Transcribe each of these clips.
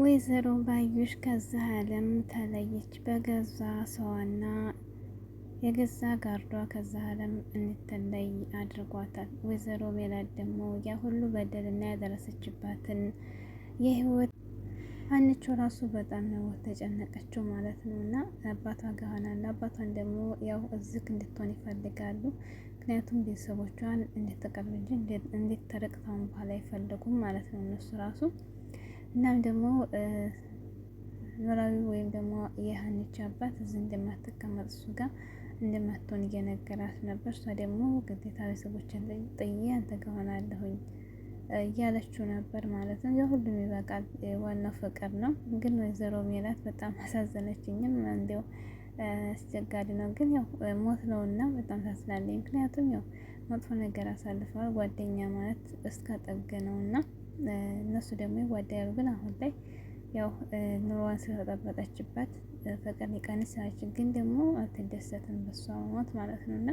ወይዘሮ ባዩሽ ከዚህ ዓለም ተለየች። በገዛ ሰዋና የገዛ ጋርዷ ከዛ ዓለም እንድትለይ አድርጓታል። ወይዘሮ ሜላት ደግሞ ያ ሁሉ በደልና ያደረሰችባትን የህይወት አንቺ ራሱ በጣም ነው ተጨነቀችው ማለት ነው። እና አባቷ ጋና እና አባቷን ደግሞ ያው እዚህ እንድትሆን ይፈልጋሉ። ምክንያቱም ቤተሰቦቿን እንድትቀርብ እንጂ እንድትርቅ ካሁን በኋላ አይፈልጉም ማለት ነው እነሱ ራሱ እናም ደግሞ ኖላዊ ወይም ደግሞ የሀኒች አባት እዚህ እንደማትቀመጥ እሱ ጋር እንደማትሆን እየነገራት ነበር። እሷ ደግሞ ግዴታ ቤተሰቦችን ጥዬ አንተ ጋር ሆናለሁኝ እያለችው ነበር ማለት ነው። የሁሉም ይበቃል፣ ዋናው ፍቅር ነው። ግን ወይዘሮ ሜላት በጣም አሳዘነችኝም። እንዲያው አስቸጋሪ ነው፣ ግን ያው ሞት ነው እና በጣም ታስላለኝ። ምክንያቱም ያው መጥፎ ነገር አሳልፈዋል። ጓደኛ ማለት እስካጠገ ነው እና እነሱ ደግሞ ይዋደዳሉ። ግን አሁን ላይ ያው ኑሮዋን ስለተጠበጠችበት ፍቅር ሊቀንስ ይችላል። ግን ደግሞ አትደሰትም በሷ መሞት ማለት ነው። እና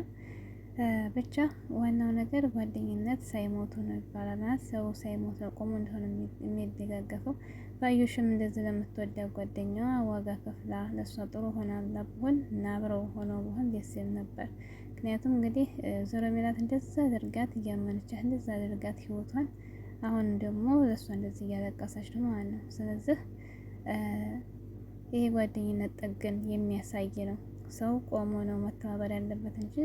ብቻ ዋናው ነገር ጓደኝነት ሳይሞቱ ነው ይባላል። ማለት ሰው ሳይሞት ነው ቆሞ እንደሆነ የሚደጋገፈው። ባዩሽም እንደዚህ ለምትወዳ ጓደኛዋ ዋጋ ከፍላ ለእሷ ጥሩ ሆና ብሆን እና አብረው ሆነው ብሆን ደስ ይል ነበር። ምክንያቱም እንግዲህ ዞሮ ሜላት እንደዛ አድርጋት እያመነቻት እንደዛ አድርጋት ህይወቷን አሁን ደግሞ እሷ እንደዚህ እያለቀሰች ነው ማለት ነው። ስለዚህ ይሄ ጓደኝነት ጥግን የሚያሳይ ነው። ሰው ቆሞ ነው መተባበር ያለበት እንጂ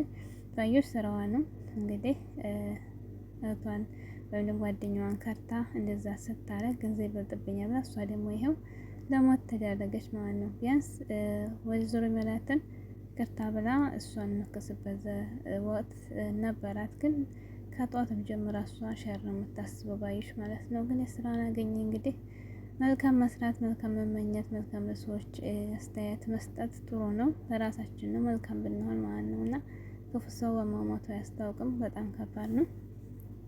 ባዮች ስራዋ ነው እንግዲህ እህቷን ወይም ደግሞ ጓደኛዋን ከርታ እንደዛ ስታረግ ገንዘብ ይበልጥብኛል ብላ እሷ ደግሞ ይኸው ለሞት ተዳረገች ማለት ነው። ቢያንስ ወይዘሮ ሜላትን ከርታ ብላ እሷን መከስበት ወቅት ነበራት ግን ከጧትም ጀምራ እሷ ሸር ነው የምታስበው ባይሽ ማለት ነው። ግን የስራን አገኘ እንግዲህ መልካም መስራት፣ መልካም መመኘት፣ መልካም ለሰዎች አስተያየት መስጠት ጥሩ ነው። ለራሳችን ነው መልካም ብንሆን ማለት ነው። እና ክፉ ሰው በማሟቱ አያስታውቅም። በጣም ከባድ ነው።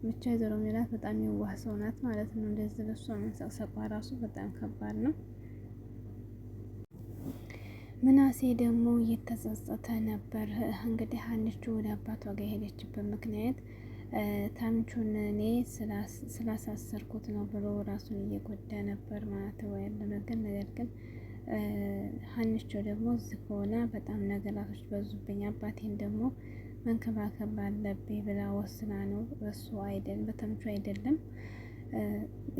ብቻ የዞሮ ሚላት በጣም የዋህ ሰው ናት ማለት ነው። እንደዚህ በሷ መንሰቅሰቋ ራሱ በጣም ከባድ ነው። ምናሴ ደግሞ እየተጸጸተ ነበር። እንግዲህ አንቺ ወደ አባቷ ጋር የሄደችበት ምክንያት ታምቹን እኔ ስላሳሰርኩት ነው ብሎ ራሱን እየጎዳ ነበር ማለት ያለው ነገር ነገር ግን ሀንቾ ደግሞ እዚህ ከሆነ በጣም ነገራቶች በዙብኝ፣ አባቴን ደግሞ መንከባከብ አለብኝ ብላ ወስና ነው። እሱ አይደል በተምቹ አይደለም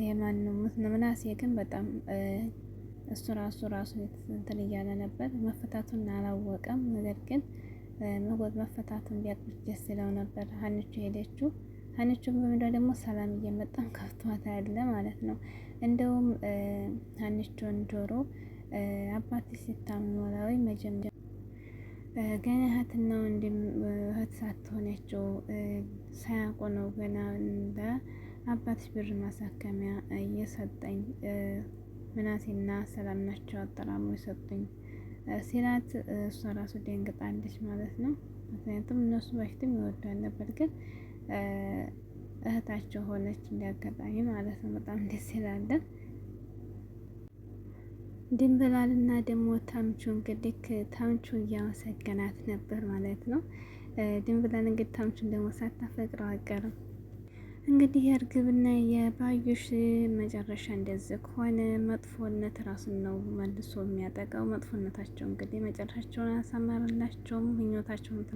የማን ነው ምናሴ ግን በጣም እሱ ራሱ ራሱ እንትን እያለ ነበር። መፈታቱን አላወቀም ነገር ግን መጎዝ መፈታቱን ቢያጥብቅ ደስ ይለው ነበር። ሀንቹ ሄደችው። ሀንቹ በምዳ ደግሞ ሰላም እየመጣም ከፍቷት ያለ ማለት ነው። እንደውም ሀንቹን ጆሮ አባት ሲታመም ኖላዊ መጀመሪያ ገና እህትና ወንድም እህት ሳትሆናቸው ሳያውቁ ነው ገና እንደ አባትሽ ብር ማሳከሚያ እየሰጠኝ ምናሴና ሰላም ናቸው አጠራሙ የሰጡኝ ሲላት እሷ ራሱ ደንግጣለች ማለት ነው። ምክንያቱም እነሱ በፊትም ይወዷል ነበር፣ ግን እህታቸው ሆነች እንዲያጋጣሚ ማለት ነው። በጣም ደስ ይላለን። ድንብላልና ደግሞ ታምቹ እንግዲህ ታምቹ እያመሰገናት ነበር ማለት ነው። ድንብላል እንግዲህ ታምቹን ደግሞ ሳታፈቅረው አቀርም እንግዲህ የእርግብና የባዩሽ መጨረሻ እንደዚህ ከሆነ መጥፎነት ራሱን ነው መልሶ የሚያጠቃው። መጥፎነታቸው እንግዲህ መጨረሻቸውን አያሳምርላቸውም። ምኞታቸውን